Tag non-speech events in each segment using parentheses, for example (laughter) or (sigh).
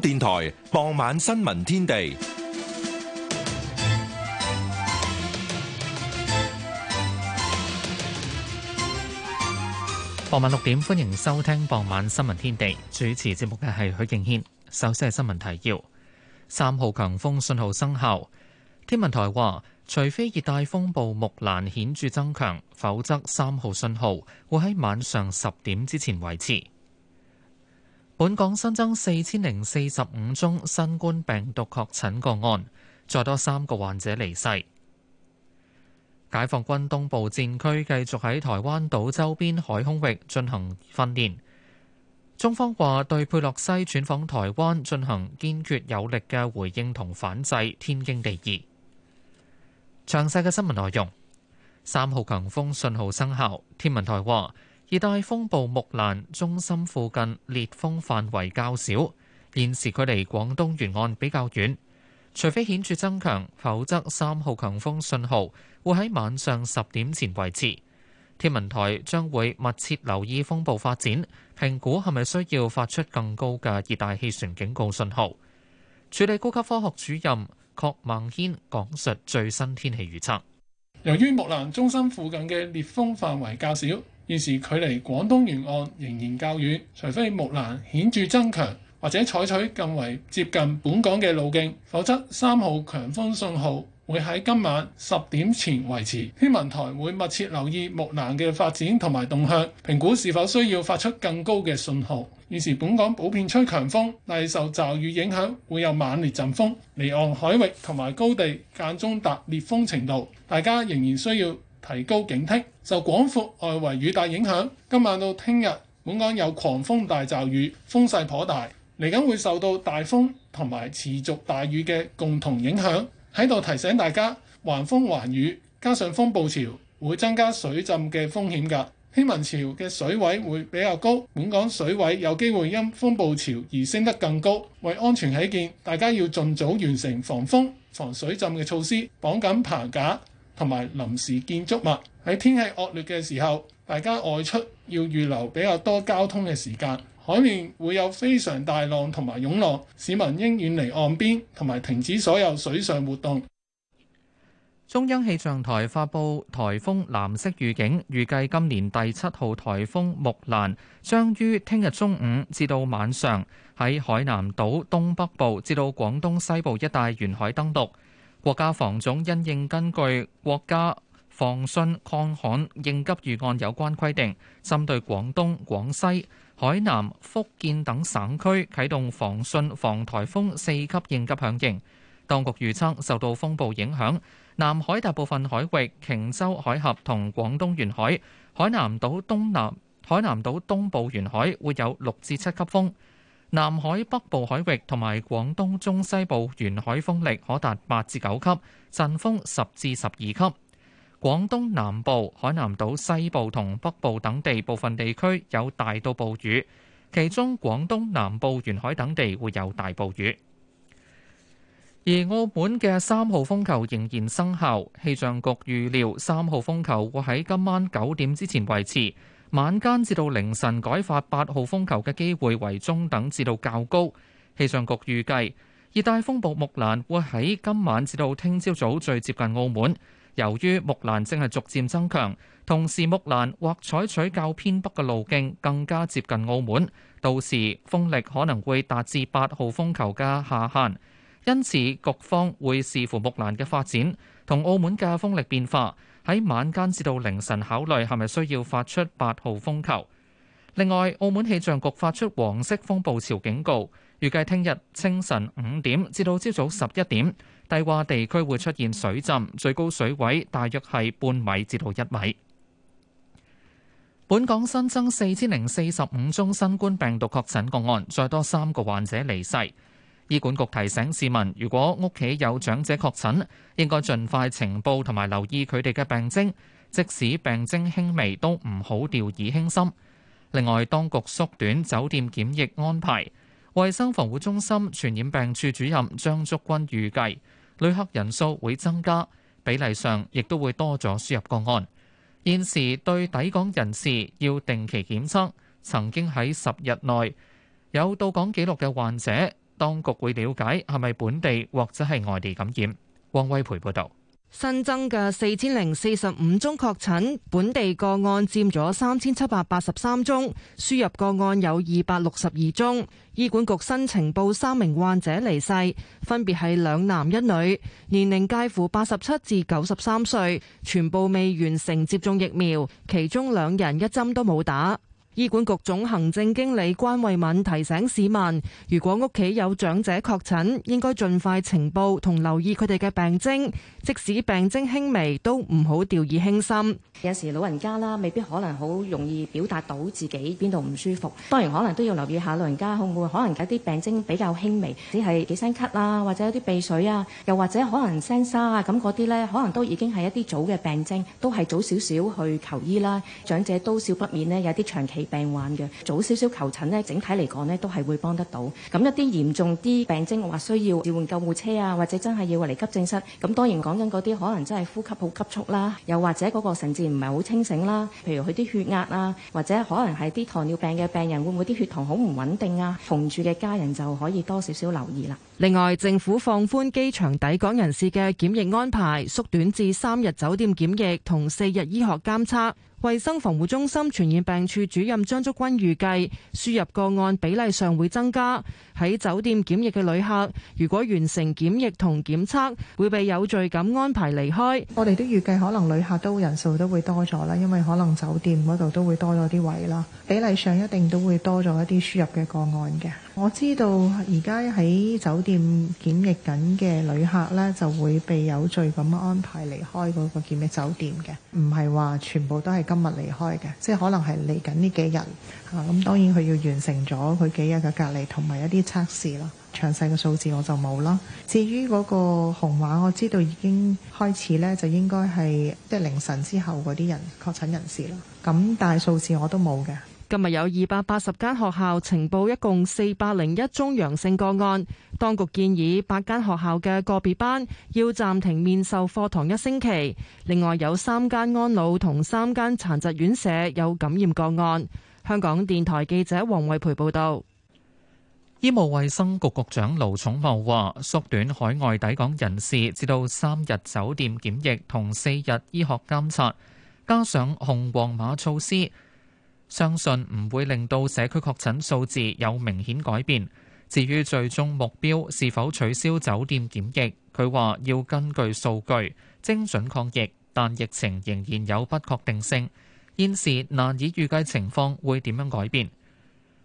電台傍晚新聞天地，傍晚六點，歡迎收聽傍晚新聞天地。主持節目嘅係許敬軒。首先係新聞提要：三號強風信號生效。天文台話，除非熱帶風暴木蘭顯著增強，否則三號信號會喺晚上十點之前維持。本港新增四千零四十五宗新冠病毒確診個案，再多三個患者離世。解放軍東部戰區繼續喺台灣島周邊海空域進行訓練。中方話對佩洛西轉訪台灣進行堅決有力嘅回應同反制，天經地義。詳細嘅新聞內容，三號強風信號生效。天文台話。熱帶風暴木蘭中心附近烈風範圍較小，現時距離廣東沿岸比較遠，除非顯著增強，否則三號強風信號會喺晚上十點前維持。天文台將會密切留意風暴發展，評估係咪需要發出更高嘅熱帶氣旋警告信號。處理高級科學主任郭孟軒講述最新天氣預測。由於木蘭中心附近嘅烈風範圍較小。現時距離廣東沿岸仍然較遠，除非木蘭顯著增強或者採取更為接近本港嘅路徑，否則三號強風信號會喺今晚十點前維持。天文台會密切留意木蘭嘅發展同埋動向，評估是否需要發出更高嘅信號。現時本港普遍吹強風，但受驟雨影響會有猛烈陣風，離岸海域同埋高地間中達烈風程度，大家仍然需要。提高警惕，受廣闊外圍雨帶影響，今晚到聽日本港有狂風大驟雨，風勢頗大，嚟緊會受到大風同埋持續大雨嘅共同影響，喺度提醒大家，橫風橫雨加上風暴潮，會增加水浸嘅風險㗎。天文潮嘅水位會比較高，本港水位有機會因風暴潮而升得更高。為安全起見，大家要盡早完成防風防水浸嘅措施，綁緊棚架。同埋臨時建築物喺天氣惡劣嘅時候，大家外出要預留比較多交通嘅時間。海面會有非常大浪同埋湧浪，市民應遠離岸邊同埋停止所有水上活動。中央氣象台發布颱風藍色預警，預計今年第七號颱風木蘭將於聽日中午至到晚上喺海南島東北部至到廣東西部一帶沿海登陸。國家防總因應根據國家防汛抗旱應急預案有關規定，針對廣東、廣西、海南、福建等省區啟動防汛防颱風四級應急響應。當局預測受到風暴影響，南海大部分海域、瓊州海峽同廣東沿海、海南島東南、海南島東部沿海會有六至七級風。南海北部海域同埋廣東中西部沿海風力可達八至九級，陣風十至十二級，廣東南部、海南島西部同北部等地部分地區有大到暴雨，其中廣東南部沿海等地會有大暴雨。而澳門嘅三號風球仍然生效，氣象局預料三號風球會喺今晚九點之前維持。晚間至到凌晨改發八號風球嘅機會為中等至到較高。氣象局預計，熱帶風暴木蘭會喺今晚至到聽朝早，早最接近澳門。由於木蘭正係逐漸增強，同時木蘭或採取較，較偏北嘅路徑，更加接近澳門，到時風力可能會達至八號風球嘅下限。因此，局方會視乎木蘭嘅發展同澳門嘅風力變化。喺晚間至到凌晨考慮係咪需要發出八號風球。另外，澳門氣象局發出黃色風暴潮警告，預計聽日清晨五點至到朝早十一點，低窪地區會出現水浸，最高水位大約係半米至到一米。本港新增四千零四十五宗新冠病毒確診個案，再多三個患者離世。醫管局提醒市民，如果屋企有長者確診，應該盡快呈報，同埋留意佢哋嘅病徵。即使病徵輕微，都唔好掉以輕心。另外，當局縮短酒店檢疫安排。衞生防護中心傳染病處主任張竹君預計，旅客人數會增加，比例上亦都會多咗輸入個案。現時對抵港人士要定期檢測，曾經喺十日內有到港記錄嘅患者。當局會了解係咪本地或者係外地感染。汪威培報導，新增嘅四千零四十五宗確診，本地個案佔咗三千七百八十三宗，輸入個案有二百六十二宗。醫管局新呈報三名患者離世，分別係兩男一女，年齡介乎八十七至九十三歲，全部未完成接種疫苗，其中兩人一針都冇打。醫管局總行政經理關惠敏提醒市民，如果屋企有長者確診，應該盡快情報同留意佢哋嘅病徵，即使病徵輕微都唔好掉以輕心。有時老人家啦，未必可能好容易表達到自己邊度唔舒服，當然可能都要留意下老人家會唔會可能有啲病徵比較輕微，只係幾聲咳啊，或者有啲鼻水啊，又或者可能聲沙啊，咁嗰啲咧，可能都已經係一啲早嘅病徵，都係早少少去求醫啦。長者多少不免呢，有啲長期。病患嘅早少少求診咧，整體嚟講咧都係會幫得到。咁一啲嚴重啲病徵話需要召喚救護車啊，或者真係要嚟急症室咁，當然講緊嗰啲可能真係呼吸好急促啦，又或者嗰個神志唔係好清醒啦。譬如佢啲血壓啊，或者可能係啲糖尿病嘅病人會唔會啲血糖好唔穩定啊？同住嘅家人就可以多少少留意啦。另外，政府放寬機場抵港人士嘅檢疫安排，縮短至三日酒店檢疫同四日醫學監測。衛生防護中心傳染病處主任張竹君預計，輸入個案比例上會增加。喺酒店檢疫嘅旅客，如果完成檢疫同檢測，會被有序咁安排離開。我哋都預計可能旅客都人數都會多咗啦，因為可能酒店嗰度都會多咗啲位啦。比例上一定都會多咗一啲輸入嘅個案嘅。我知道而家喺酒店檢疫緊嘅旅客呢，就會被有序咁安排離開嗰個叫咩酒店嘅，唔係話全部都係今日離開嘅，即係可能係嚟緊呢幾日。咁當然佢要完成咗佢幾日嘅隔離，同埋一啲測試啦。詳細嘅數字我就冇啦。至於嗰個紅碼，我知道已經開始咧，就應該係即係凌晨之後嗰啲人確診人士啦。咁大數字我都冇嘅。今日有二百八十間學校呈報，一共四百零一宗陽性個案。當局建議八間學校嘅個別班要暫停面授課堂一星期。另外有三間安老同三間殘疾院舍有感染個案。香港電台記者黃慧培報道，醫務衛生局局長盧寵茂話：縮短海外抵港人士至到三日酒店檢疫同四日醫學監察，加上紅黃碼措施，相信唔會令到社區確診數字有明顯改變。至於最終目標是否取消酒店檢疫，佢話要根據數據精準抗疫，但疫情仍然有不確定性。現時難以預計情況會點樣改變。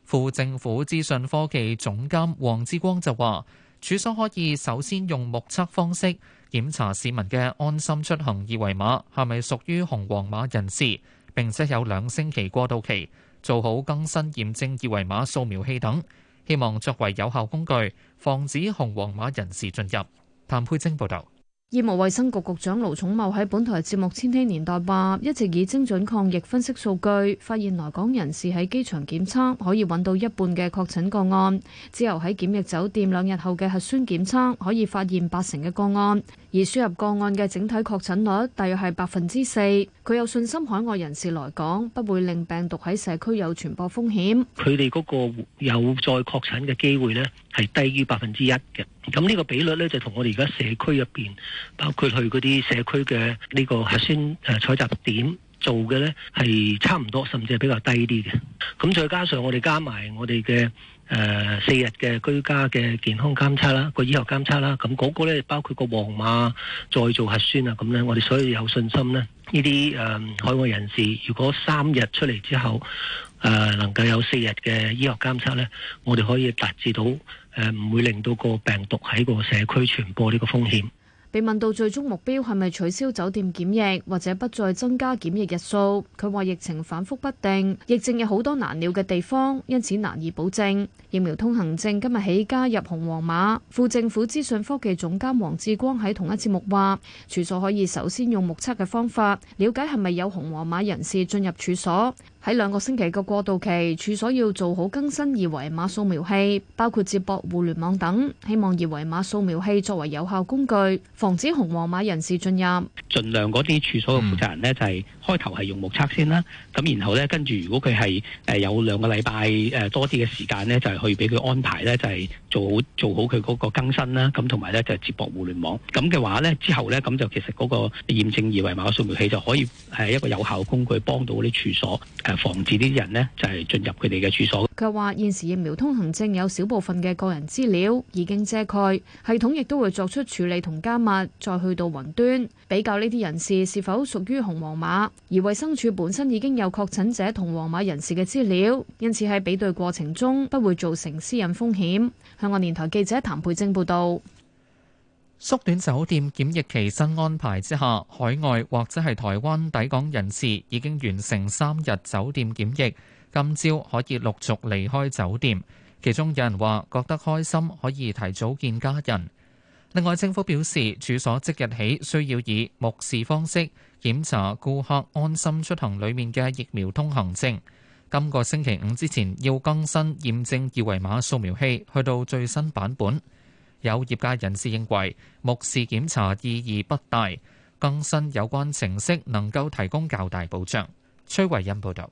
副政府資訊科技總監黃志光就話，處所可以首先用目測方式檢查市民嘅安心出行二維碼係咪屬於紅黃碼人士，並且有兩星期過渡期，做好更新驗證二維碼掃描器等，希望作為有效工具，防止紅黃碼人士進入。譚佩晶報導。業務衛生局局長盧頌茂喺本台節目《千禧年代》話，一直以精準抗疫分析數據，發現來港人士喺機場檢測可以揾到一半嘅確診個案，之後喺檢疫酒店兩日後嘅核酸檢測可以發現八成嘅個案，而輸入個案嘅整體確診率大約係百分之四。佢有信心海外人士來港不會令病毒喺社區有傳播風險。佢哋嗰個有再確診嘅機會呢。係低於百分之一嘅，咁呢個比率呢，就同我哋而家社區入邊，包括去嗰啲社區嘅呢個核酸誒採集點做嘅呢，係差唔多，甚至係比較低啲嘅。咁再加上我哋加埋我哋嘅誒四日嘅居家嘅健康監測啦，個醫學監測啦，咁嗰個呢，包括個黃碼再做核酸啊，咁呢，我哋所以有，有信心呢，呢啲誒海外人士如果三日出嚟之後誒、呃、能夠有四日嘅醫學監測呢，我哋可以達至到。誒唔會令到個病毒喺個社區傳播呢個風險。被問到最終目標係咪取消酒店檢疫，或者不再增加檢疫日數，佢話疫情反覆不定，疫症有好多難料嘅地方，因此難以保證。疫苗通行證今日起加入紅黃碼。副政府資訊科技總監黃志光喺同一節目話，處所可以首先用目測嘅方法，了解係咪有紅黃碼人士進入處所。喺兩個星期嘅過渡期，處所要做好更新二維碼掃描器，包括接駁互聯網等，希望二維碼掃描器作為有效工具，防止紅黃碼人士進入。儘量嗰啲處所嘅負責人呢，就係開頭係用目測先啦，咁然後咧跟住，如果佢係誒有兩個禮拜誒多啲嘅時間呢，就係去俾佢安排咧，就係做好做好佢嗰個更新啦，咁同埋咧就接駁互聯網。咁嘅話咧之後咧，咁就其實嗰個驗證二維碼嘅掃描器就可以係一個有效工具，幫到嗰啲處所。防止啲人呢就係進入佢哋嘅住所。佢話現時疫苗通行證有少部分嘅個人資料已經遮蓋，系統亦都會作出處理同加密，再去到雲端比較呢啲人士是否屬於紅黃碼。而衛生署本身已經有確診者同黃碼人士嘅資料，因此喺比對過程中不會造成私隱風險。香港電台記者譚佩晶報道。縮短酒店檢疫期新安排之下，海外或者係台灣抵港人士已經完成三日酒店檢疫，今朝可以陸續離開酒店。其中有人話覺得開心，可以提早見家人。另外，政府表示，處所即日起需要以目視方式檢查顧客安心出行裡面嘅疫苗通行證。今個星期五之前要更新驗證二維碼掃描器，去到最新版本。有業界人士認為，目視檢查意義不大，更新有關程式能夠提供較大保障。崔維恩報道。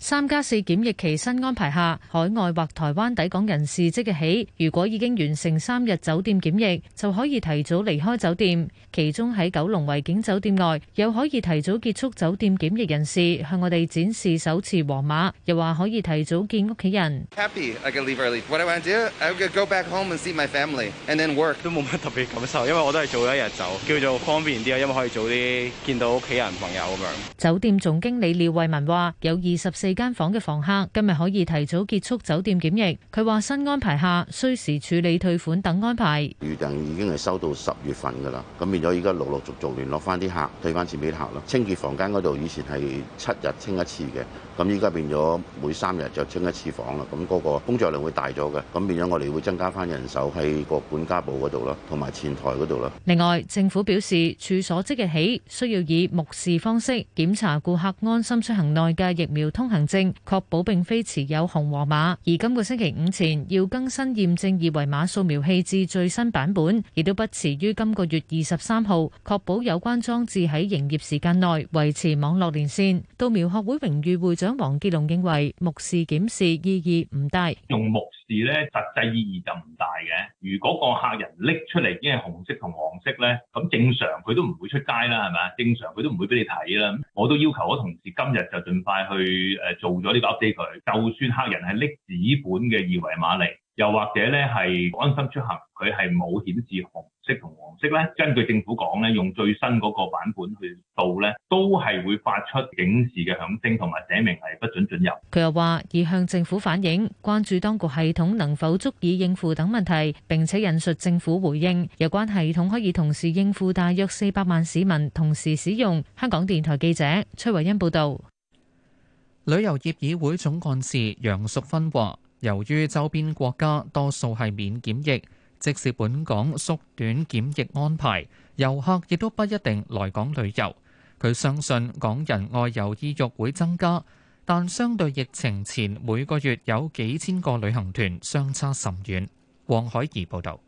三加四檢疫期新安排下，海外或台灣抵港人士即日起，如果已經完成三日酒店檢疫，就可以提早離開酒店。其中喺九龍維景酒店外，又可以提早結束酒店檢疫人士向我哋展示手持黃碼，又話可以提早見屋企人。Happy, I can leave early. What I want to do, I will go back home and see my family, and then work，都冇乜特別感受，因為我都係早一日走，叫做方便啲啊，因為可以早啲見到屋企人朋友咁樣。酒店總經理廖惠文話：有二十四。四間房嘅房客今日可以提早結束酒店檢疫。佢話新安排下，需時處理退款等安排。預訂已經係收到十月份㗎喇，咁變咗依家陸陸續續聯絡翻啲客，退翻錢俾客喇。清潔房間嗰度以前係七日清一次嘅。咁依家變咗每三日就清一次房啦，咁嗰個工作量會大咗嘅，咁變咗我哋會增加翻人手喺個管家部嗰度啦，同埋前台嗰度啦。另外，政府表示，處所即日起需要以目視方式檢查顧客安心出行內嘅疫苗通行證，確保並非持有紅黃碼。而今個星期五前要更新驗證二維碼掃描器至最新版本，亦都不遲於今個月二十三號，確保有關裝置喺營業時間內維持網絡連線。到苗學會榮譽會長。黃傑龍認為目視檢視意義唔大，用目視咧實際意義就唔大嘅。如果個客人拎出嚟已經係紅色同黃色咧，咁正常佢都唔會出街啦，係咪？正常佢都唔會俾你睇啦。我都要求我同事今日就盡快去誒做咗呢個 update 佢，就算客人係拎紙本嘅二維碼嚟。又或者咧，係安心出行，佢係冇顯示紅色同黃色咧。根據政府講咧，用最新嗰個版本去掃咧，都係會發出警示嘅響聲，同埋寫明係不准進入。佢又話已向政府反映，關注當局系統能否足以應付等問題，並且引述政府回應有關系統可以同時應付大約四百萬市民同時使用。香港電台記者崔惠恩報道。旅遊業議會總幹事楊淑芬話。由於周邊國家多數係免檢疫，即使本港縮短檢疫安排，遊客亦都不一定來港旅遊。佢相信港人外遊意欲會增加，但相對疫情前每個月有幾千個旅行團，相差甚遠。黃海怡報導。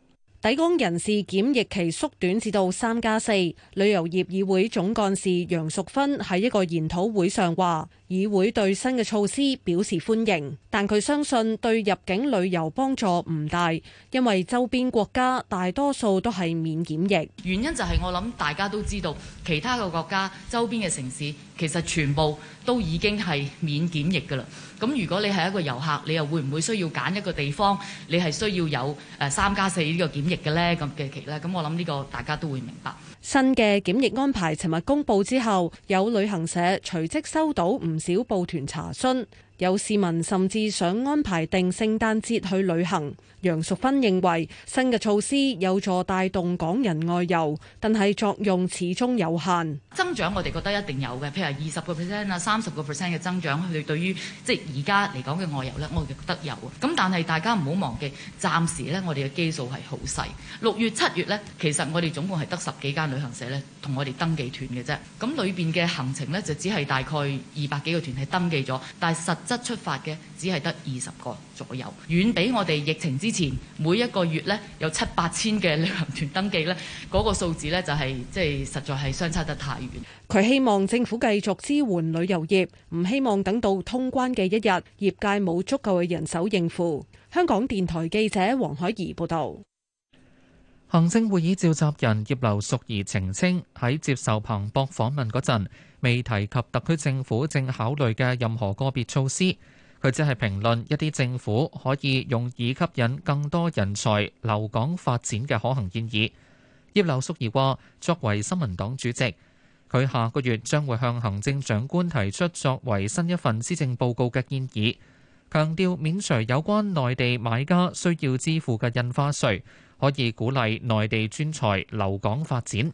抵港人士檢疫期縮短至到三加四，旅遊業議會總幹事楊淑芬喺一個研討會上話：議會對新嘅措施表示歡迎，但佢相信對入境旅遊幫助唔大，因為周邊國家大多數都係免檢疫。原因就係我諗大家都知道，其他嘅國家周邊嘅城市其實全部都已經係免檢疫㗎啦。咁如果你係一個遊客，你又會唔會需要揀一個地方？你係需要有誒三加四呢個檢疫嘅呢？咁嘅期咧？咁我諗呢個大家都會明白。新嘅檢疫安排尋日公布之後，有旅行社隨即收到唔少報團查詢，有市民甚至想安排定聖誕節去旅行。楊淑芬認為新嘅措施有助帶動港人外遊，但係作用始終有限。增長，我哋覺得一定有嘅，譬如二十個 percent 啊、三十個 percent 嘅增長，佢哋對於即係而家嚟講嘅外遊呢，我哋覺得有啊。咁但係大家唔好忘記，暫時呢我哋嘅基數係好細。六月、七月呢，其實我哋總共係得十幾間旅行社呢，同我哋登記團嘅啫。咁裏邊嘅行程呢，就只係大概二百幾個團係登記咗，但係實質出發嘅只係得二十個。左右遠比我哋疫情之前每一個月咧有七八千嘅旅行團登記呢嗰個數字呢，就係即係實在係相差得太遠。佢希望政府繼續支援旅遊業，唔希望等到通關嘅一日，業界冇足夠嘅人手應付。香港電台記者黃海怡報道。行政會議召集人葉劉淑儀澄清喺接受彭博訪問嗰陣，未提及特區政府正考慮嘅任何個別措施。佢只係評論一啲政府可以用以吸引更多人才留港發展嘅可行建議。葉劉淑儀話：作為新民黨主席，佢下個月將會向行政長官提出作為新一份施政報告嘅建議，強調免除有關內地買家需要支付嘅印花稅，可以鼓勵內地專才留港發展。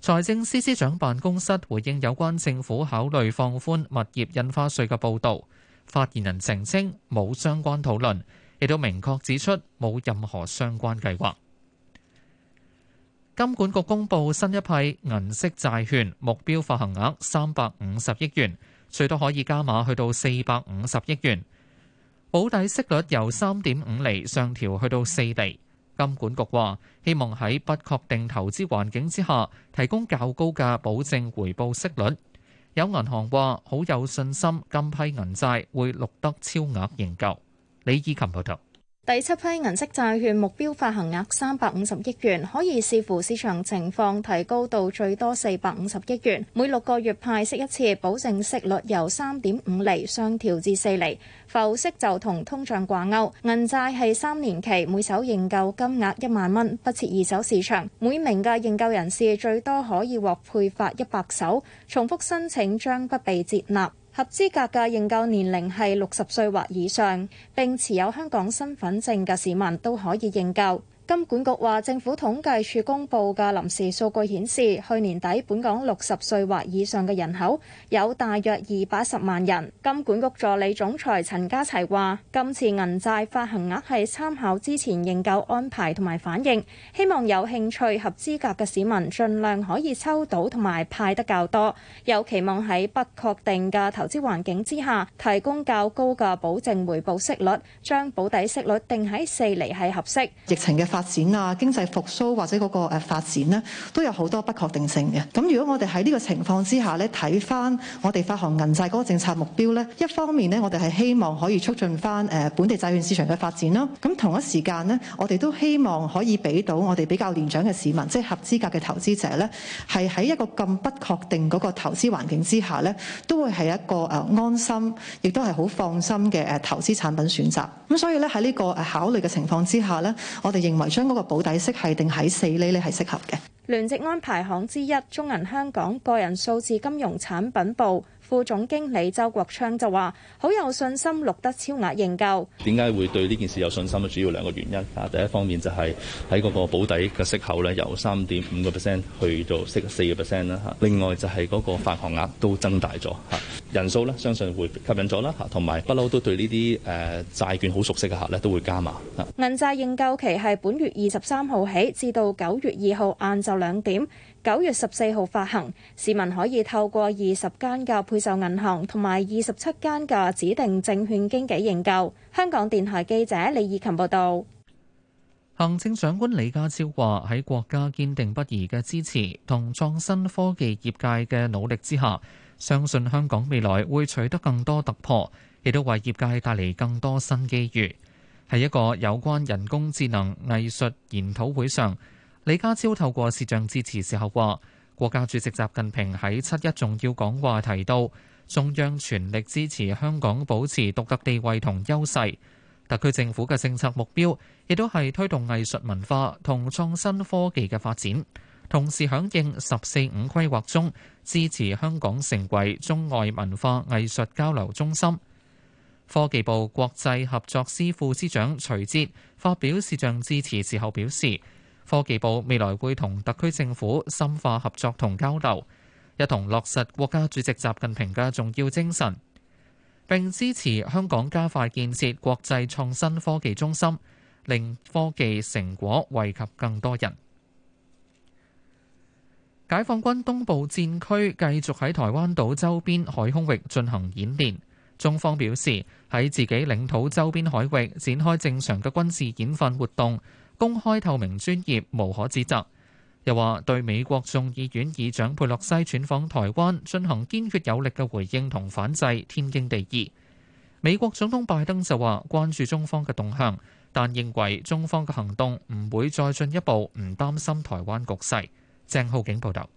財政司司長辦公室回應有關政府考慮放寬物業印花稅嘅報導。發言人澄清冇相關討論，亦都明確指出冇任何相關計劃。金管局公布新一批銀色債券，目標發行額三百五十億元，最多可以加碼去到四百五十億元。保底息率由三點五厘上調去到四厘。金管局話希望喺不確定投資環境之下，提供較高嘅保證回報息率。有銀行話好有信心，今批銀債會錄得超額認購。李以琴報道。第七批銀色債券目標發行額三百五十億元，可以視乎市場情況提高到最多四百五十億元。每六個月派息一次，保證息率由三點五厘上調至四厘。浮息就同通脹掛鈎。銀債係三年期，每手認購金額一萬蚊，不設二手市場。每名嘅認購人士最多可以獲配發一百手，重複申請將不被接納。合資格嘅認購年齡係六十歲或以上，並持有香港身份證嘅市民都可以認購。金管局話，政府統計處公布嘅臨時數據顯示，去年底本港六十歲或以上嘅人口有大約二百十萬人。金管局助理總裁陳家齊話，今次銀債發行額係參考之前認購安排同埋反應，希望有興趣合資格嘅市民盡量可以抽到同埋派得較多。有期望喺不確定嘅投資環境之下，提供較高嘅保證回報息率，將保底息率定喺四厘係合適。疫情嘅。發展啊，經濟復蘇或者嗰個誒發展咧，都有好多不確定性嘅。咁如果我哋喺呢個情況之下咧，睇翻我哋發行銀債嗰個政策目標咧，一方面咧，我哋係希望可以促進翻誒本地債券市場嘅發展啦。咁同一時間咧，我哋都希望可以俾到我哋比較年長嘅市民，即係合資格嘅投資者咧，係喺一個咁不確定嗰個投資環境之下咧，都會係一個誒安心，亦都係好放心嘅誒投資產品選擇，咁所以咧，喺呢個誒考慮嘅情況之下咧，我哋認為。將嗰個保底息係定喺四厘，你係適合嘅。聯席安排行之一，中銀香港個人數字金融產品部。副總經理周國昌就話：好有信心錄得超額認購。點解會對呢件事有信心咧？主要兩個原因啊。第一方面就係喺嗰個保底嘅息口咧，由三點五個 percent 去到四四個 percent 啦。另外就係嗰個發行額都增大咗嚇，人數咧相信會吸引咗啦嚇，同埋不嬲都對呢啲誒債券好熟悉嘅客咧都會加碼。銀債認購期係本月二十三號起，至到九月二號晏晝兩點。九月十四號發行，市民可以透過二十間嘅配售銀行同埋二十七間嘅指定證券經紀認購。香港電台記者李以琴報道。行政長官李家超話：喺國家堅定不移嘅支持同創新科技業界嘅努力之下，相信香港未來會取得更多突破，亦都為業界帶嚟更多新機遇。喺一個有關人工智能藝術研討會上。李家超透過視像支持時候話：國家主席習近平喺七一重要講話提到，中央全力支持香港保持獨特地位同優勢，特區政府嘅政策目標亦都係推動藝術文化同創新科技嘅發展。同時響應十四五規劃中，支持香港成為中外文化藝術交流中心。科技部國際合作司副司長徐哲發表視像支持時候表示。科技部未來會同特區政府深化合作同交流，一同落實國家主席習近平嘅重要精神，並支持香港加快建設國際創新科技中心，令科技成果惠及更多人。解放軍東部戰區繼續喺台灣島周邊海空域進行演練，中方表示，喺自己領土周邊海域展開正常嘅軍事演訓活動。公開透明，專業無可指責，又話對美國眾議院議長佩洛西竄訪台灣進行堅決有力嘅回應同反制，天經地義。美國總統拜登就話關注中方嘅動向，但認為中方嘅行動唔會再進一步，唔擔心台灣局勢。鄭浩景報導。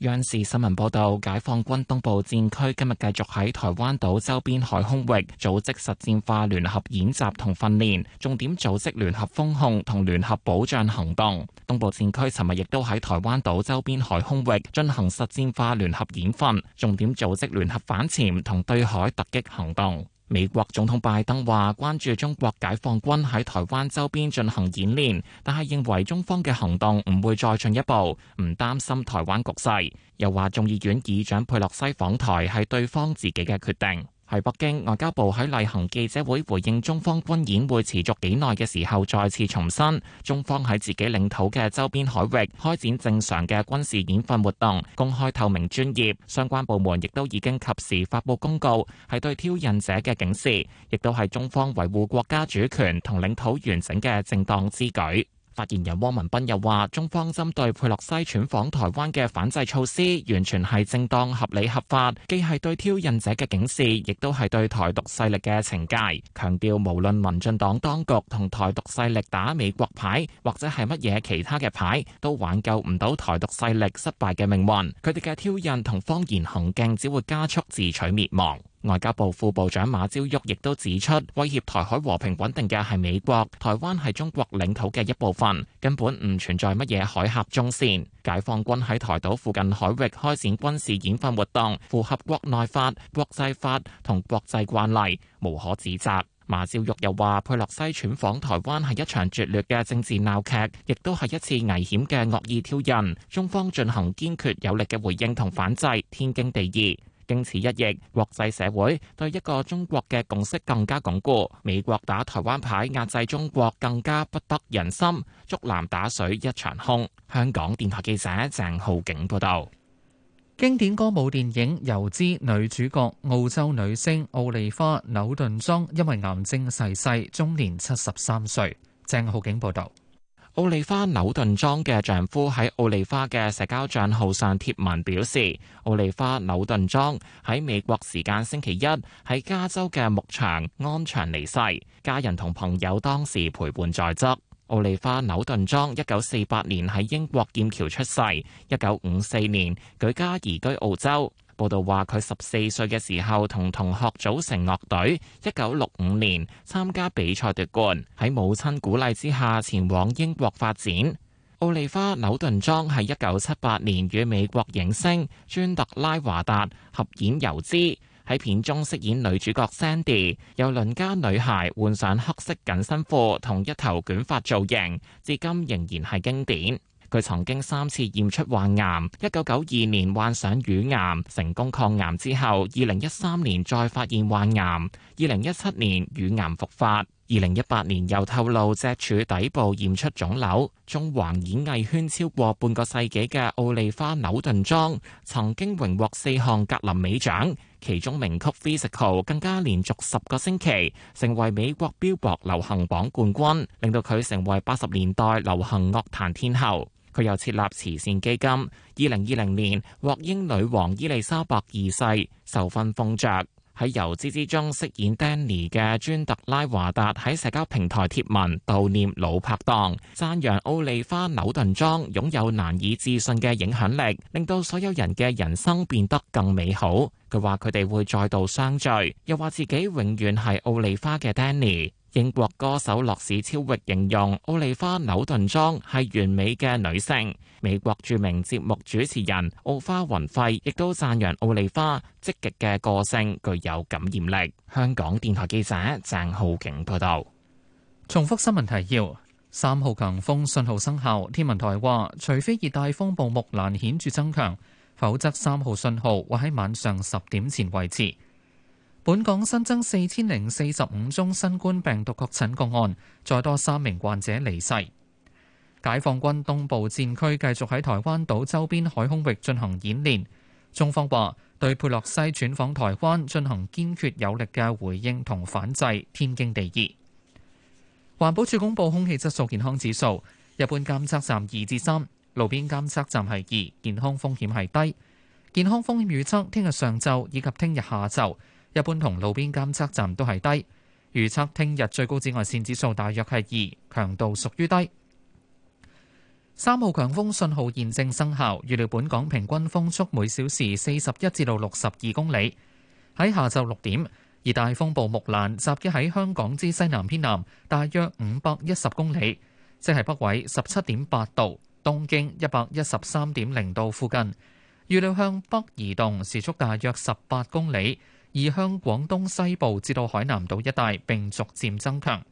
央視新聞報道，解放軍東部戰區今日繼續喺台灣島周邊海空域組織實戰化聯合演習同訓練，重點組織聯合封控同聯合保障行動。東部戰區尋日亦都喺台灣島周邊海空域進行實戰化聯合演訓，重點組織聯合反潛同對海突擊行動。美國總統拜登話關注中國解放軍喺台灣周邊進行演練，但係認為中方嘅行動唔會再進一步，唔擔心台灣局勢。又話眾議院議長佩洛西訪台係對方自己嘅決定。喺北京外交部喺例行記者會回應中方軍演會持續幾耐嘅時候，再次重申，中方喺自己領土嘅周邊海域開展正常嘅軍事演訓活動，公開透明專業，相關部門亦都已經及時發佈公告，係對挑釁者嘅警示，亦都係中方維護國家主權同領土完整嘅正當之舉。發言人汪文斌又話，中方針對佩洛西竄訪台灣嘅反制措施，完全係正當、合理、合法，既係對挑釁者嘅警示，亦都係對台獨勢力嘅懲戒。強調，無論民進黨當局同台獨勢力打美國牌，或者係乜嘢其他嘅牌，都挽救唔到台獨勢力失敗嘅命運。佢哋嘅挑釁同謊言行徑只會加速自取滅亡。外交部副部長馬昭旭亦都指出，威脅台海和平穩定嘅係美國，台灣係中國領土嘅一部分，根本唔存在乜嘢海峽中線。解放軍喺台島附近海域開展軍事演訓活動，符合國內法、國際法同國際慣例，無可指責。馬昭旭又話，佩洛西竄訪台灣係一場拙劣嘅政治鬧劇，亦都係一次危險嘅惡意挑釁，中方進行堅決有力嘅回應同反制，天經地義。經此一役，國際社會對一個中國嘅共識更加鞏固。美國打台灣牌壓制中國，更加不得人心，竹籃打水一場空。香港電台記者鄭浩景報道。經典歌舞電影《油脂》女主角澳洲女星奧利花紐頓莊因為癌症逝世，終年七十三歲。鄭浩景報道。奧利花紐頓莊嘅丈夫喺奧利花嘅社交賬號上貼文表示，奧利花紐頓莊喺美國時間星期一喺加州嘅牧場安詳離世，家人同朋友當時陪伴在側。奧利花紐頓莊一九四八年喺英國劍橋出世，一九五四年舉家移居澳洲。報道話，佢十四歲嘅時候同同學組成樂隊，一九六五年參加比賽奪冠。喺母親鼓勵之下，前往英國發展。奧利花紐頓莊喺一九七八年與美國影星尊特拉華達合演《油脂》，喺片中飾演女主角 Sandy，由鄰家女孩換上黑色緊身褲同一頭捲髮造型，至今仍然係經典。佢曾經三次驗出患癌，一九九二年患上乳癌，成功抗癌之後，二零一三年再發現患癌，二零一七年乳癌復發，二零一八年又透露脊柱底部驗出腫瘤。中環演藝圈超過半個世紀嘅奧利花紐頓莊曾經榮獲四項格林美獎，其中名曲《Physical》更加連續十個星期成為美國 Billboard 流行榜冠軍，令到佢成為八十年代流行樂壇天后。佢又設立慈善基金。二零二零年獲英女王伊麗莎白二世受勳封爵。喺油脂之中飾演 Danny 嘅尊特拉華達喺社交平台貼文悼念老拍檔，讚揚奧利花紐頓莊，莊擁有難以置信嘅影響力，令到所有人嘅人生變得更美好。佢話佢哋會再度相聚，又話自己永遠係奧利花嘅 Danny。英國歌手洛史超域形容奧利花紐頓莊係完美嘅女性。美國著名節目主持人奧花雲費亦都讚揚奧利花積極嘅個性具有感染力。香港電台記者鄭浩景報道。重複新聞提要：三號強風信號生效，天文台話除非熱帶風暴木蘭顯著增強，否則三號信號會喺晚上十點前維持。本港新增四千零四十五宗新冠病毒確診個案，再多三名患者離世。解放軍東部戰區繼續喺台灣島周邊海空域進行演練。中方話對佩洛西竄訪台灣進行堅決有力嘅回應同反制，天經地義。環保署公佈空氣質素健康指數，一般監測站二至三，路邊監測站係二，健康風險係低。健康風險預測聽日上晝以及聽日下晝。一般同路邊監測站都係低。預測聽日最高紫外線指數大約係二，強度屬於低。三號強風信號現正生效，預料本港平均風速每小時四十一至到六十二公里。喺下晝六點，熱帶風暴木蘭集結喺香港之西南偏南大約五百一十公里，即係北緯十七點八度，東經一百一十三點零度附近。預料向北移動，時速大約十八公里。移向廣東西部至到海南島一帶，並逐漸增強。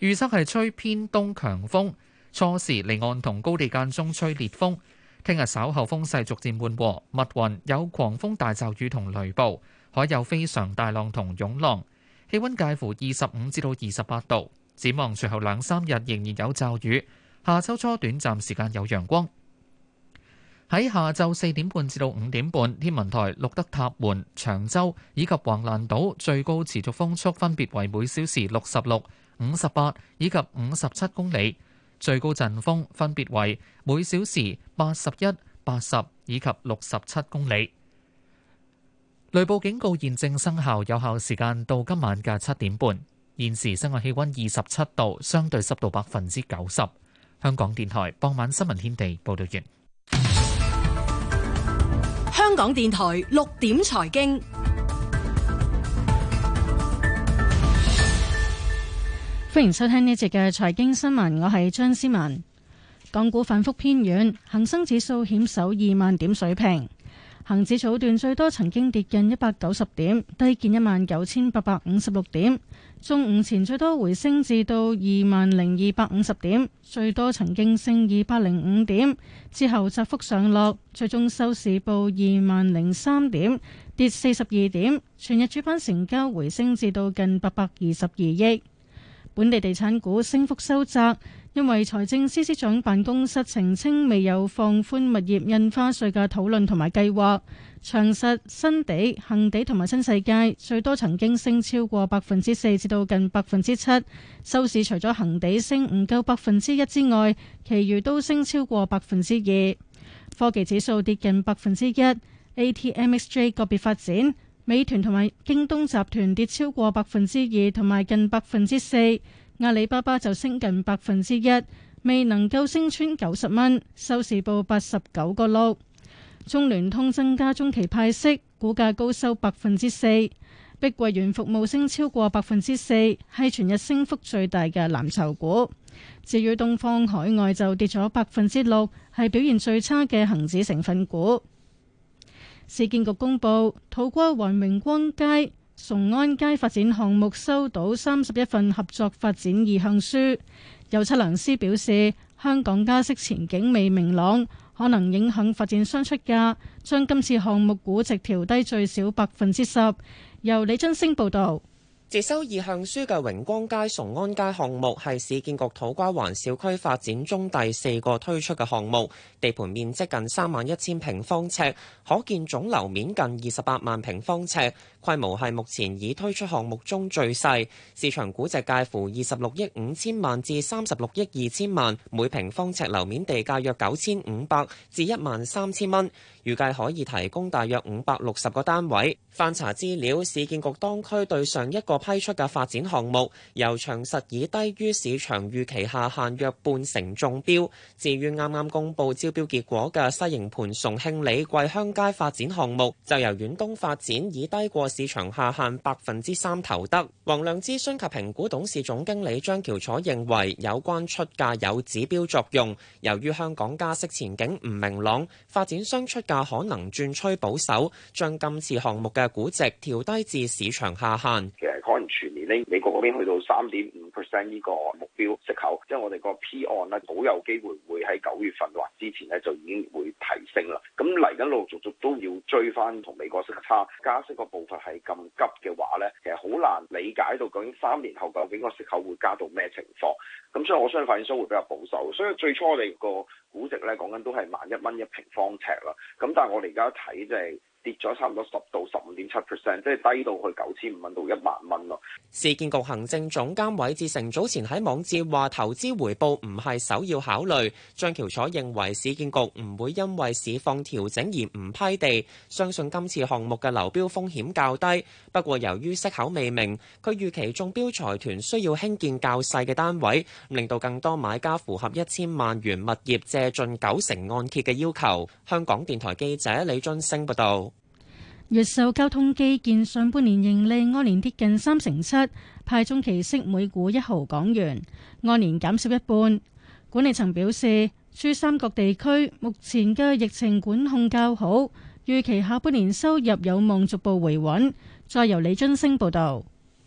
預測係吹偏東強風，初時離岸同高地間中吹烈風。聽日稍後風勢逐漸緩和，密雲有狂風大驟雨同雷暴，海有非常大浪同湧浪。氣温介乎二十五至到二十八度。展望隨後兩三日仍然有驟雨，下周初短暫時間有陽光。喺下晝四點半至到五點半，天文台錄得塔門、長洲以及橫瀾島最高持續風速分別為每小時六十六、五十八以及五十七公里，最高陣風分別為每小時八十一、八十以及六十七公里。雷暴警告現正生效，有效時間到今晚嘅七點半。現時室外氣温二十七度，相對濕度百分之九十。香港電台傍晚新聞天地，報道完。香港電台六點財經，歡迎收聽呢一節嘅財經新聞，我係張思文。港股反復偏軟，恒生指數險守二萬點水平，恒指早段最多曾經跌近一百九十點，低見一萬九千八百五十六點。中午前最多回升至到二萬零二百五十點，最多曾經升二百零五點，之後窄幅上落，最終收市報二萬零三點，跌四十二點。全日主板成交回升至到近八百二十二億。本地地產股升幅收窄，因為財政司司長辦公室澄清未有放寬物業印花稅嘅討論同埋計劃。長實、新地、恒地同埋新世界最多曾經升超過百分之四，至到近百分之七。收市除咗恒地升唔夠百分之一之外，其餘都升超過百分之二。科技指數跌近百分之一。ATMXJ 個別發展。美團同埋京東集團跌超過百分之二，同埋近百分之四；阿里巴巴就升近百分之一，未能夠升穿九十蚊，收市報八十九個六。中聯通增加中期派息，股價高收百分之四。碧桂園服務升超過百分之四，係全日升幅最大嘅藍籌股。至於東方海外就跌咗百分之六，係表現最差嘅恒指成分股。市建局公布，土瓜灣明光街、崇安街發展項目收到三十一份合作發展意向書。有測量師表示，香港加息前景未明朗，可能影響發展商出價，將今次項目估值調低最少百分之十。由李津升報導。接收意向書嘅榮光街、崇安街項目係市建局土瓜灣小區發展中第四個推出嘅項目，地盤面積近三萬一千平方尺，可建總樓面近二十八萬平方尺，規模係目前已推出項目中最細。市場估值介乎二十六億五千萬至三十六億二千萬，每平方尺樓面地價約九千五百至一萬三千蚊，預計可以提供大約五百六十個單位。翻查資料，市建局當區對上一個批出嘅發展項目，由長實以低於市場預期下限約半成中標。至於啱啱公佈招標結果嘅西營盤崇慶里、桂香街發展項目，就由遠東發展以低過市場下限百分之三投得。黃亮諮詢及評估董事總經理張翹楚認為，有關出價有指標作用，由於香港加息前景唔明朗，發展商出價可能轉趨保守，將今次項目嘅估值調低至市場下限。 (noise) 可能全年呢，美國嗰邊去到三點五 percent 呢個目標息口，即係我哋個 P 案啦，好有機會會喺九月份或之前咧，就已經會提升啦。咁嚟緊陸陸續續都要追翻同美國息差，加息個步伐係咁急嘅話咧，其實好難理解到究竟三年後究竟個息口會加到咩情況。咁所以我相信發展商會比較保守，所以最初我哋個估值咧講緊都係萬一蚊一平方尺啦。咁但係我哋而家睇即係。跌咗差唔多十到十五點七 percent，即係低到去九千五蚊到一萬蚊咯。市建局行政總監韋志成早前喺網誌話，投資回報唔係首要考慮。張橋楚認為市建局唔會因為市況調整而唔批地，相信今次項目嘅流標風險較低。不過由於息口未明，佢預期中標財團需要興建較細嘅單位，令到更多買家符合一千萬元物業借進九成按揭嘅要求。香港電台記者李津升報道。越秀交通基建上半年盈利按年跌近三成七，派中期息每股一毫港元，按年減少一半。管理層表示，珠三角地區目前嘅疫情管控較好，預期下半年收入有望逐步回穩。再由李津升報道。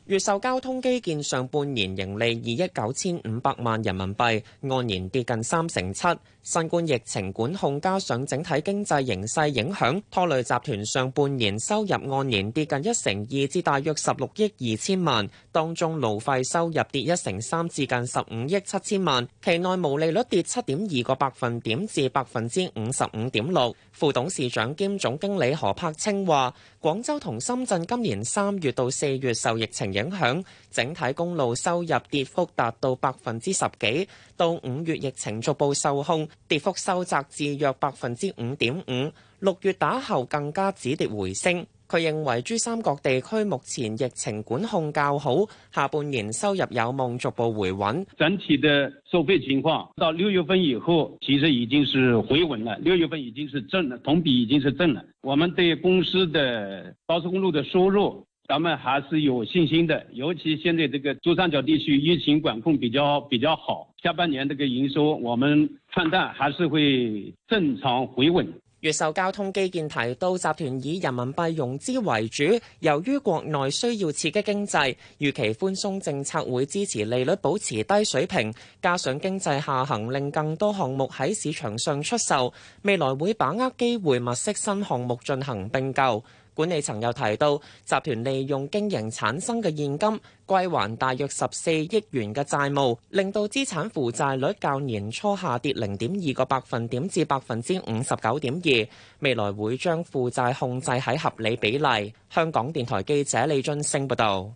越秀交通基建上半年盈利二億九千五百萬人民幣，按年跌近三成七。新冠疫情管控加上整體經濟形勢影響，拖累集團上半年收入按年跌近一成二，至大約十六億二千萬，當中路費收入跌一成三，至近十五億七千萬，期內毛利率跌七點二個百分點至百分之五十五點六。副董事長兼總經理何柏清話。廣州同深圳今年三月到四月受疫情影響，整體公路收入跌幅達到百分之十幾。到五月疫情逐步受控，跌幅收窄至約百分之五點五。六月打後更加止跌回升。佢認為珠三角地區目前疫情管控較好，下半年收入有望逐步回穩。整體的收費情況到六月份以後，其實已經是回穩了。六月份已經是正了，同比已經是正了。我們對公司的高速公路的收入，咱們還是有信心的。尤其現在這個珠三角地區疫情管控比較比較好，下半年這個營收，我們看待還是會正常回穩。越秀交通基建提到，集團以人民幣融資為主，由於國內需要刺激經濟，預期寬鬆政策會支持利率保持低水平，加上經濟下行，令更多項目喺市場上出售，未來會把握機會，物色新項目進行併購。管理層又提到，集團利用經營產生嘅現金歸還大約十四億元嘅債務，令到資產負債率較年初下跌零點二個百分點至百分之五十九點二。未來會將負債控制喺合理比例。香港電台記者李津升報道。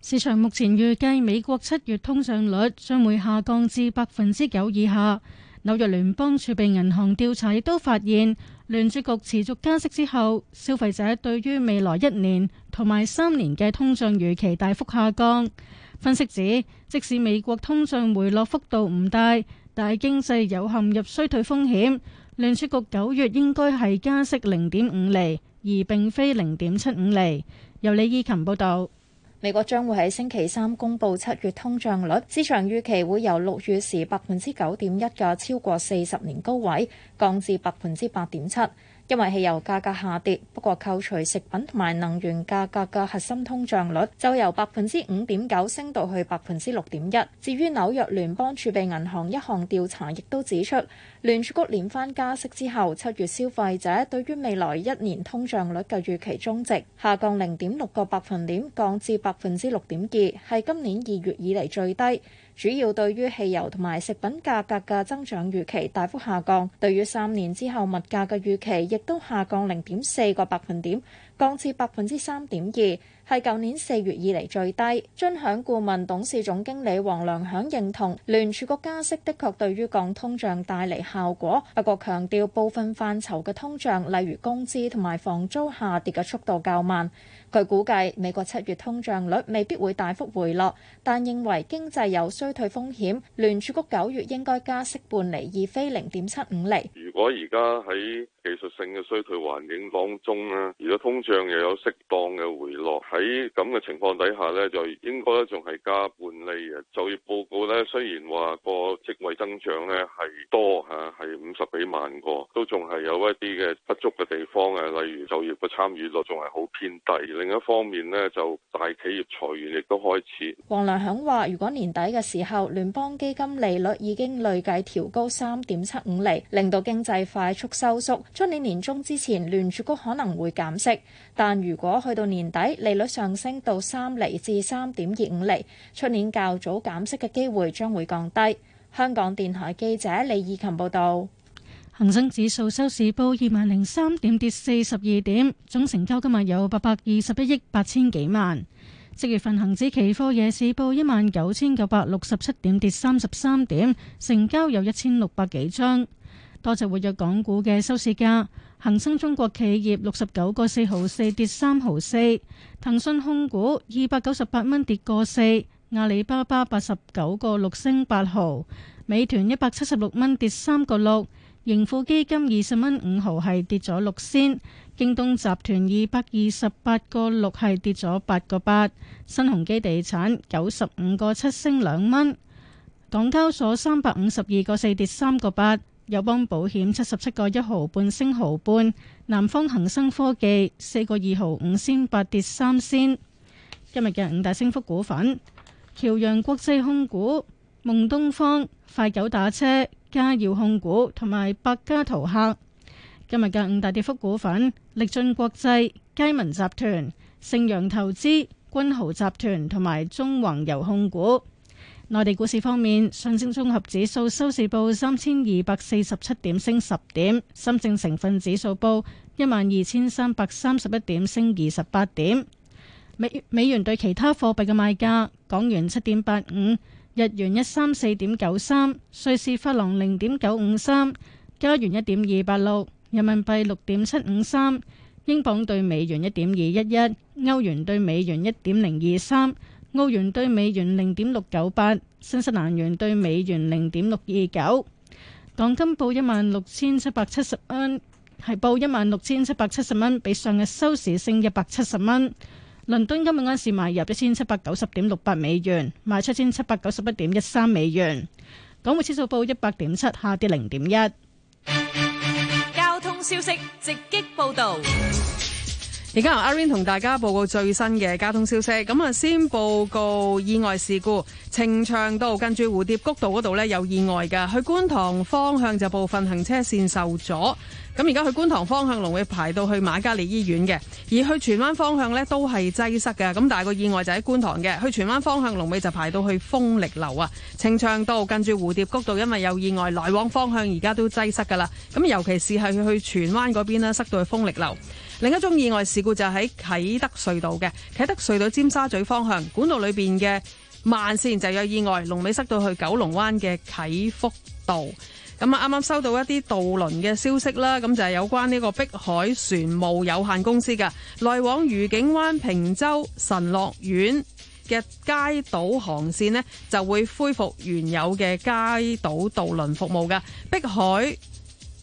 市場目前預計美國七月通脹率將會下降至百分之九以下。紐約聯邦儲備銀行調查亦都發現，聯儲局持續加息之後，消費者對於未來一年同埋三年嘅通脹預期大幅下降。分析指，即使美國通脹回落幅度唔大，但係經濟有陷入衰退風險。聯儲局九月應該係加息零點五厘，而並非零點七五厘。由李依琴報道。美國將會喺星期三公佈七月通脹率，市場預期會由六月時百分之九點一嘅超過四十年高位，降至百分之八點七。因為汽油價格下跌，不過扣除食品同埋能源價格嘅核心通脹率就由百分之五點九升到去百分之六點一。至於紐約聯邦儲備銀行一項調查亦都指出，聯儲局連番加息之後，七月消費者對於未來一年通脹率嘅預期中值下降零點六個百分點，降至百分之六點二，係今年二月以嚟最低。主要對於汽油同埋食品價格嘅增長預期大幅下降，對於三年之後物價嘅預期亦都下降零點四個百分點，降至百分之三點二。係舊年四月以嚟最低。樽享顧問董事總經理黃良響認同聯儲局加息的確對於降通脹帶嚟效果，不過強調部分範疇嘅通脹，例如工資同埋房租下跌嘅速度較慢。佢估計美國七月通脹率未必會大幅回落，但認為經濟有衰退風險，聯儲局九月應該加息半厘，而非零點七五厘。如果而家喺技術性嘅衰退環境當中咧，如果通脹又有適當嘅回落。喺咁嘅情況底下呢，就應該仲係加半厘。就業報告呢，雖然話個職位增長呢係多嚇，係五十幾萬個，都仲係有一啲嘅不足嘅地方誒，例如就業嘅參與率仲係好偏低。另一方面呢，就大企業裁員亦都開始。黃良響話，如果年底嘅時候聯邦基金利率已經累計調高三點七五厘，令到經濟快速收縮，今年年中之前聯儲局可能會減息。但如果去到年底利率，上升到三厘至三點二五厘，出年較早減息嘅機會將會降低。香港電台記者李義琴報道，恒生指數收市報二萬零三點，跌四十二點，總成交今日有八百二十一億八千幾萬。即月份恒指期貨夜市報一萬九千九百六十七點，跌三十三點，成交有一千六百幾張。多隻活躍港股嘅收市價，恒生中國企業六十九個四毫四跌三毫四，騰訊控股二百九十八蚊跌個四，阿里巴巴八十九個六升八毫，美團一百七十六蚊跌三個六，盈富基金二十蚊五毫係跌咗六仙，京東集團二百二十八個六係跌咗八個八，新鴻基地產九十五個七升兩蚊，港交所三百五十二個四跌三個八。友邦保險七十七個一毫半升毫半，南方恒生科技四個二毫五仙八跌三仙。今日嘅五大升幅股份：僑洋國際控股、夢東方、快狗打車、嘉耀控股同埋百家圖客。今日嘅五大跌幅股份：力進國際、佳民集團、盛陽投資、君豪集團同埋中橫油控股。內地股市方面，上證綜合指數收市報三千二百四十七點，升十點；深證成分指數報一萬二千三百三十一點，升二十八點。美美元對其他貨幣嘅賣價：港元七點八五，日元一三四點九三，瑞士法郎零點九五三，加元一點二八六，人民幣六點七五三，英鎊兌美元一點二一一，歐元兌美元一點零二三。澳元兌美元零點六九八，新西蘭元兌美元零點六二九。港金報一萬六千七百七十蚊，係報一萬六千七百七十蚊，比上日收市升一百七十蚊。倫敦今日安市買入一千七百九十點六八美元，賣出一千七百九十一點一三美元。港匯指數報一百點七，下跌零點一。交通消息，直擊報道。而家由阿 Vin 同大家報告最新嘅交通消息。咁啊，先報告意外事故。呈祥道近住蝴蝶谷道嗰度呢，有意外嘅，去觀塘方向就部分行車線受阻。咁而家去觀塘方向龍尾排到去瑪嘉烈醫院嘅，而去荃灣方向呢，都係擠塞嘅。咁但係個意外就喺觀塘嘅，去荃灣方向龍尾就排到去豐力樓啊。呈祥道近住蝴蝶谷道，因為有意外，來往方向而家都擠塞噶啦。咁尤其是係去荃灣嗰邊咧，塞到去豐力樓。另一種意外事故就係喺啟德隧道嘅啟德隧道尖沙咀方向管道裏邊嘅慢線就有意外，龍尾塞到去九龍灣嘅啟福道。咁啊，啱啱收到一啲渡輪嘅消息啦，咁就係有關呢個碧海船務有限公司嘅來往愉景灣、平洲、神樂院嘅街島航線呢，就會恢復原有嘅街島渡輪服務嘅碧海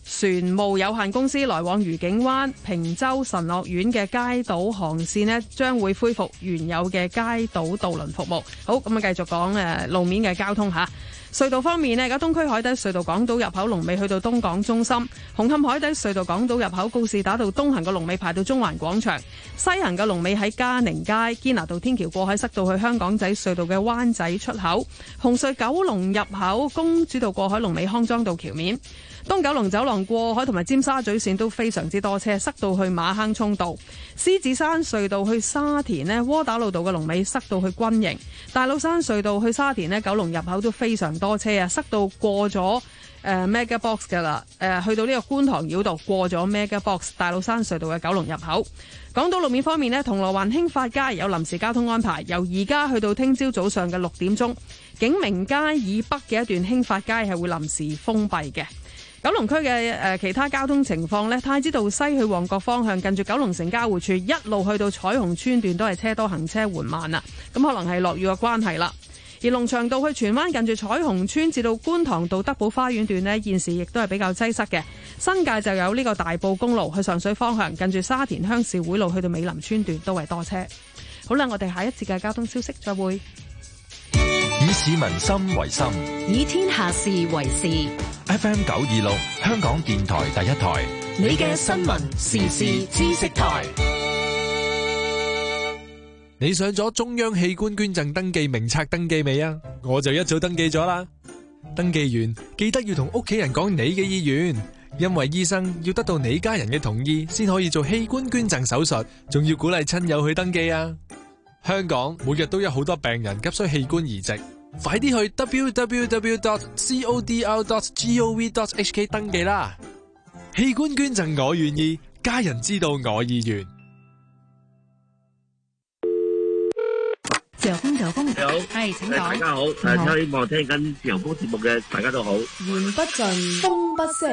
船務有限公司來往愉景灣、坪洲、神樂園嘅街島航線咧，將會恢復原有嘅街島渡輪服務。好，咁啊，繼續講誒、呃、路面嘅交通吓。隧道方面咧，而家東區海底隧道港島入口龍尾去到東港中心；紅磡海底隧道港島入口告士打道東行嘅龍尾排到中環廣場，西行嘅龍尾喺嘉寧街堅拿道天橋過海，塞到去香港仔隧道嘅灣仔出口；紅隧九龍入口公主道過海龍尾康莊道橋面。東九龍走廊過海同埋尖沙咀線都非常之多車，塞到去馬坑涌道；獅子山隧道去沙田咧，窩打路道嘅龍尾塞到去軍營；大老山隧道去沙田咧，九龍入口都非常多車啊，塞到過咗 Mega Box 噶啦，誒、呃呃、去到呢個觀塘繞道過咗 Mega Box，大老山隧道嘅九龍入口。港島路面方面咧，銅鑼灣興發街有臨時交通安排，由而家去到聽朝早上嘅六點鐘，景明街以北嘅一段興發街係會臨時封閉嘅。九龍區嘅誒其他交通情況呢？太子道西去旺角方向，近住九龍城交匯處一路去到彩虹村段都係車多行車緩慢啦。咁可能係落雨嘅關係啦。而龍翔道去荃灣近住彩虹村至到觀塘道德寶花園段呢，現時亦都係比較擠塞嘅。新界就有呢個大埔公路去上水方向，近住沙田鄉事會路去到美林村段都係多車。好啦，我哋下一節嘅交通消息，再會。以市民心為心，以天下事為事。FM 九二六，香港電台第一台。你嘅新聞時事知識台。你上咗中央器官捐贈登記名冊登記未啊？我就一早登記咗啦。登記完記得要同屋企人講你嘅意願，因為醫生要得到你家人嘅同意先可以做器官捐贈手術，仲要鼓勵親友去登記啊！香港每日都有好多病人急需器官移植。快啲去 www.codr.gov.hk 登記啦！器官捐贈我願意，家人知道我意願。自由風，自由風，係，請講。大家好，希望聽緊自由風節目嘅，大家都好。好言不盡，風不息。